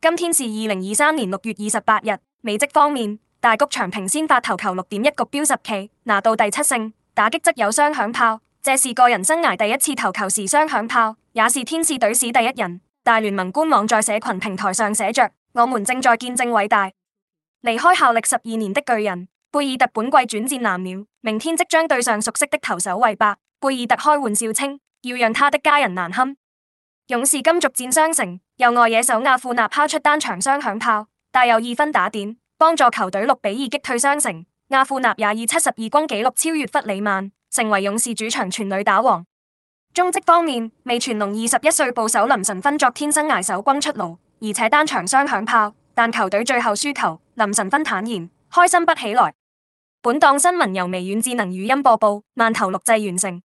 今天是二零二三年六月二十八日。美職方面，大谷翔平先發投球六點一局，飆十期，拿到第七勝。打擊則有雙響炮，這是個人生涯第一次投球時雙響炮，也是天使隊史第一人。大聯盟官網在社群平台上寫着：我們正在見證偉大。離開效力十二年的巨人，貝爾特本季轉戰藍鳥，明天即將對上熟悉的投手韋伯。貝爾特開玩笑稱，要讓他的家人難堪。勇士今續戰雙城，由外野手亞庫納拋出單場雙響炮，帶有二分打點，幫助球隊六比二擊退雙城。亞庫納也以七十二公紀錄超越弗里曼，成為勇士主場全壘打王。中職方面，味全龍二十一歲捕手林晨芬昨天生涯首轟出爐，而且單場雙響炮，但球隊最後輸球，林晨芬坦言開心不起來。本檔新聞由微軟智能語音播報，慢頭錄製完成。